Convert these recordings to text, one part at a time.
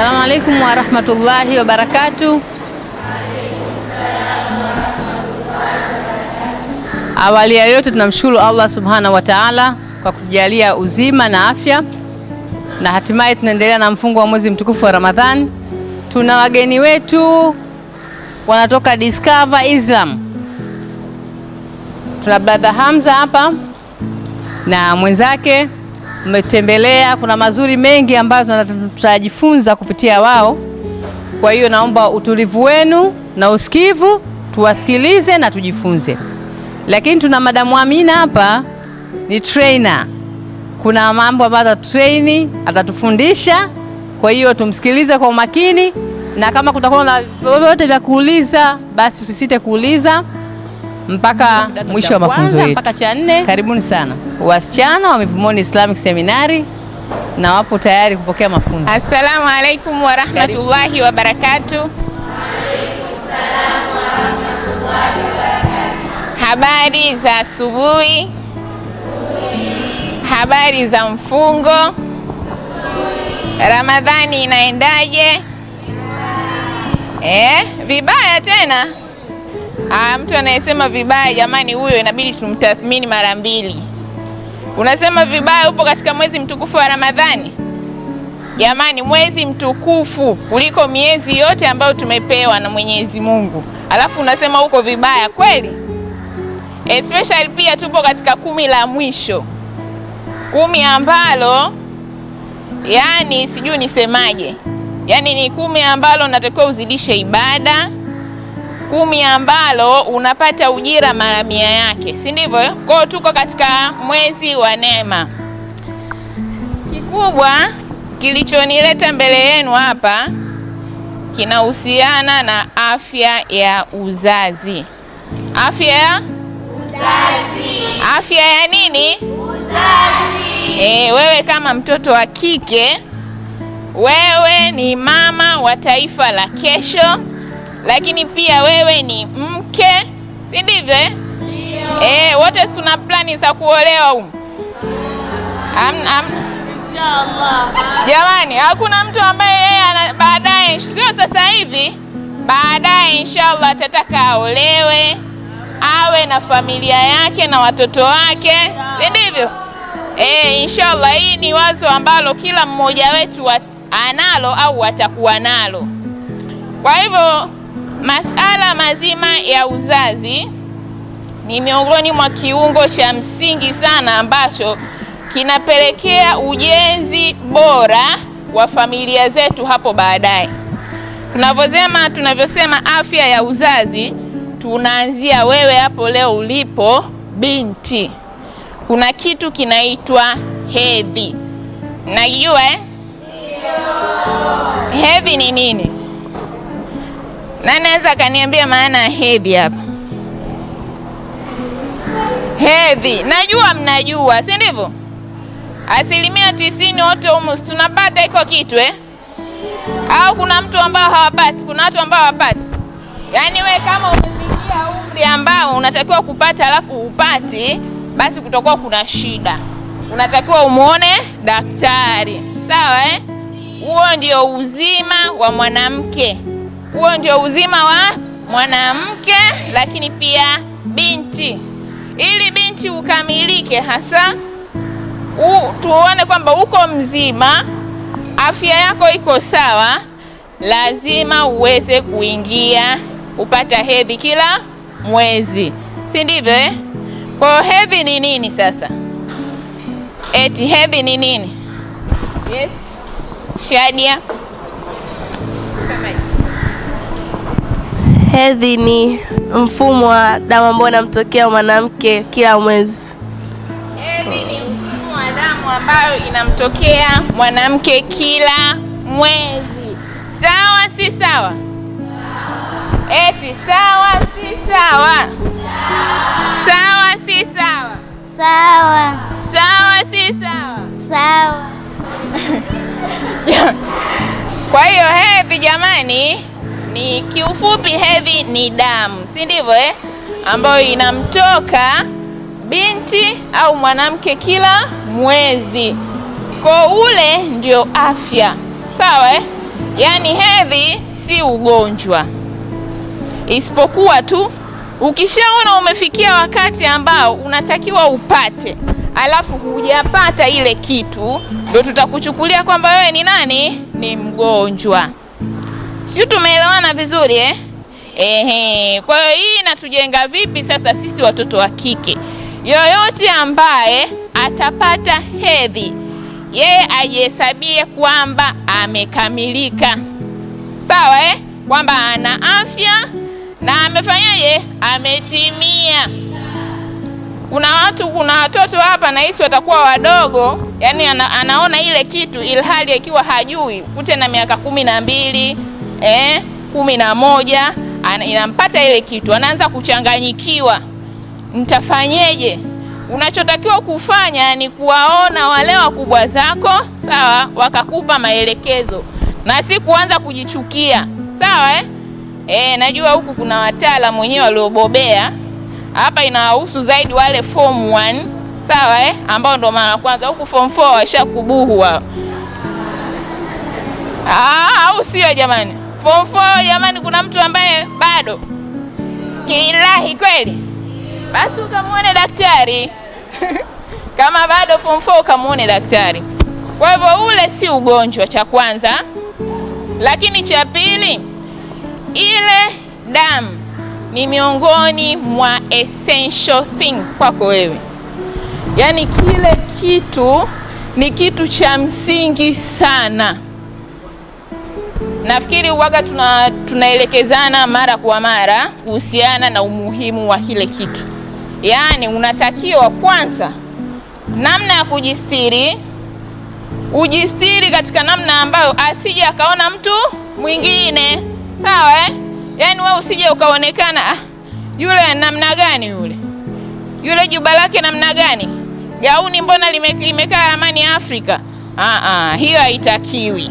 Assalamu alaikum warahmatullahi barakatuh. Awali ya yote tunamshukuru Allah subhanahu wa taala kwa kujalia uzima na afya, na hatimaye tunaendelea na mfungo wa mwezi mtukufu wa Ramadhani. Tuna wageni wetu wanatoka Discover Islam. Tuna brother Hamza hapa na mwenzake mmetembelea, kuna mazuri mengi ambayo tutajifunza kupitia wao. Kwa hiyo naomba utulivu wenu na usikivu, tuwasikilize na tujifunze. Lakini tuna madamu Amina hapa, ni trainer. Kuna mambo ambayo atatutraini, atatufundisha. Kwa hiyo tumsikilize kwa umakini, na kama kutakuwa na vyovyote vya kuuliza, basi usisite kuuliza mpaka mwisho wa mafunzo yetu mpaka cha nne. Karibuni sana wasichana wa Mivumoni Islamic Seminary na wapo tayari kupokea mafunzo. Assalamu alaikum warahmatullahi wabarakatuh. Habari za asubuhi, habari za mfungo, Ramadhani inaendaje? Eh, vibaya tena Ah, mtu anayesema vibaya jamani, huyo inabidi tumtathmini mara mbili. Unasema vibaya, upo katika mwezi mtukufu wa Ramadhani. Jamani, mwezi mtukufu kuliko miezi yote ambayo tumepewa na Mwenyezi Mungu, alafu unasema uko vibaya kweli? Especially pia tupo katika kumi la mwisho, kumi ambalo yani sijui nisemaje, yani ni kumi ambalo natakiwa uzidishe ibada kumi ambalo unapata ujira mara mia yake, si ndivyo? Kwao tuko katika mwezi wa neema. Kikubwa kilichonileta mbele yenu hapa kinahusiana na afya ya uzazi. Afya ya uzazi, afya ya nini? Uzazi. E, wewe kama mtoto wa kike, wewe ni mama wa taifa la kesho lakini pia wewe ni mke, si ndivyo eh? Eh, wote tuna plani za kuolewa huko. Inshallah. Jamani, hakuna mtu ambaye yeye baadaye, sio sasa hivi, baadaye inshallah atataka aolewe, awe na familia yake na watoto wake, si ndivyo? Eh, inshallah hii ni wazo ambalo kila mmoja wetu analo au atakuwa nalo. Kwa hivyo Masala mazima ya uzazi ni miongoni mwa kiungo cha msingi sana ambacho kinapelekea ujenzi bora wa familia zetu hapo baadaye. Tunavyosema tunavyosema afya ya uzazi, tunaanzia wewe hapo leo ulipo binti. Kuna kitu kinaitwa hedhi, najua eh? Hedhi ni nini? Nani anaweza akaniambia maana ya hedhi hapa? Hedhi najua mnajua, si ndivyo? Asilimia tisini wote almost tunapata iko kitu eh? Au kuna mtu ambao hawapati? Kuna watu ambao hawapati. Yaani we kama umefikia umri ambao unatakiwa kupata alafu upati, basi kutokuwa kuna shida, unatakiwa umwone daktari, sawa eh? Huo ndio uzima wa mwanamke. Huo ndio uzima wa mwanamke, lakini pia binti. Ili binti ukamilike hasa u, tuone kwamba uko mzima, afya yako iko sawa, lazima uweze kuingia kupata hedhi kila mwezi, si ndivyo eh? Kwa hedhi ni nini sasa? Eti hedhi ni nini? Yes, Shadia. Hedhi ni mfumo wa damu ambao unamtokea mwanamke kila mwezi. Hedhi ni mfumo wa damu ambayo inamtokea mwanamke kila mwezi. Sawa si sawa? Eti sawa si sawa? Sawa si sawa? Sawa. Sawa si sawa? Sawa. Kwa hiyo hedhi jamani ni kiufupi, hedhi ni damu, si ndivyo eh? ambayo inamtoka binti au mwanamke kila mwezi, kwa ule ndio afya, sawa eh? Yaani hedhi si ugonjwa, isipokuwa tu ukishaona umefikia wakati ambao unatakiwa upate alafu hujapata ile kitu, ndio tutakuchukulia kwamba wewe ni nani? Ni mgonjwa. Sio tumeelewana vizuri eh? Ehe, kwa hiyo hii inatujenga vipi sasa sisi watoto wa kike? Yoyote ambaye atapata hedhi yeye ajihesabie kwamba amekamilika, sawa eh? Kwamba ana afya na amefanyaje, ametimia. Kuna watu, kuna watoto hapa nahisi watakuwa wadogo, yani ana, anaona ile kitu ilhali akiwa hajui, kute na miaka kumi na mbili eh, kumi na moja inampata ile kitu, anaanza kuchanganyikiwa, nitafanyeje? Unachotakiwa kufanya ni kuwaona wale wakubwa zako, sawa, wakakupa maelekezo na si kuanza kujichukia, sawa eh? E, najua huku kuna wataalamu wenyewe waliobobea hapa, inawahusu zaidi wale form 1 sawa eh? ambao ndo mara kwanza huku form 4 washakubuhu wao, ah, au sio jamani? form four, jamani, kuna mtu ambaye bado kilahi kweli? Basi ukamwone daktari kama bado form 4 ukamwone daktari. Kwa hivyo ule si ugonjwa, cha kwanza. Lakini cha pili, ile damu ni miongoni mwa essential thing kwako wewe, yaani kile kitu ni kitu cha msingi sana. Nafikiri uwaga tuna tunaelekezana mara kwa mara kuhusiana na umuhimu wa kile kitu, yaani unatakiwa kwanza, namna ya kujistiri, ujistiri katika namna ambayo asije akaona mtu mwingine, sawa eh? Yaani wewe usije ukaonekana, ah, yule namna gani, yule yule juba lake namna gani, gauni mbona limekaa ramani ya Afrika. Ah, ah, hiyo haitakiwi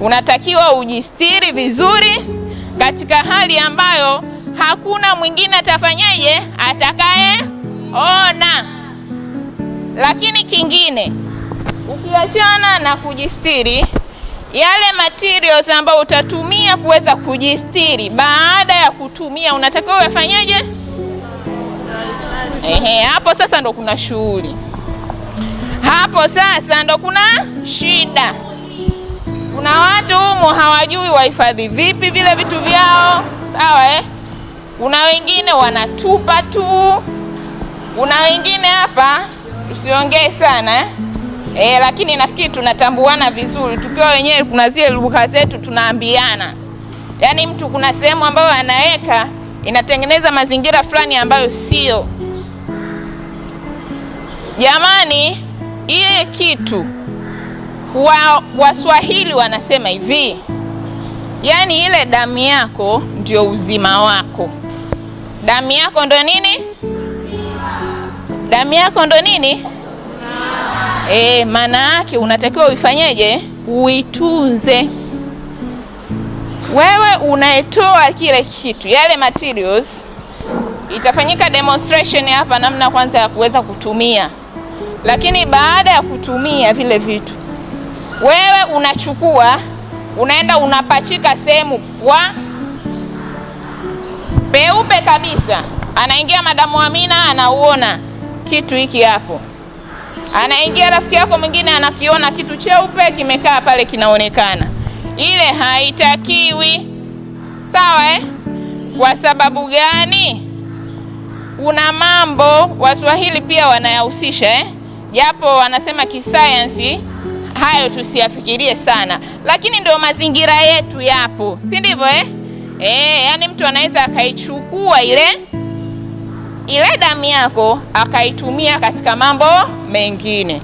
unatakiwa ujistiri vizuri katika hali ambayo hakuna mwingine atafanyaje, atakayeona. Lakini kingine, ukiachana na kujistiri, yale materials ambayo utatumia kuweza kujistiri baada ya kutumia, unatakiwa uyafanyaje? Ehe, hapo sasa ndo kuna shughuli, hapo sasa ndo kuna shida. Kuna watu humu hawajui wahifadhi vipi vile vitu vyao, sawa eh? Kuna wengine wanatupa tu, kuna wengine hapa, tusiongee sana eh? E, lakini nafikiri tunatambuana vizuri tukiwa wenyewe, kuna zile lugha zetu tunaambiana. Yaani mtu kuna sehemu ambayo anaweka inatengeneza mazingira fulani ambayo sio. Jamani, ile kitu wa Waswahili wanasema hivi, yaani ile damu yako ndio uzima wako. Damu yako ndo nini? Damu yako ndo nini? E, maana yake unatakiwa uifanyeje? Uitunze. Wewe unaetoa kile kitu, yale materials itafanyika demonstration hapa, namna kwanza ya kuweza kutumia, lakini baada ya kutumia vile vitu wewe unachukua unaenda unapachika sehemu kwa peupe kabisa, anaingia madamu Amina anauona kitu hiki hapo, anaingia rafiki yako mwingine anakiona kitu cheupe kimekaa pale kinaonekana. Ile haitakiwi, sawa eh? Kwa sababu gani? Kuna mambo Waswahili pia wanayahusisha eh? Japo wanasema kisayansi hayo tusiyafikirie sana, lakini ndio mazingira yetu yapo, si ndivyo eh? Eh, yani mtu anaweza akaichukua ile ile damu yako akaitumia katika mambo mengine.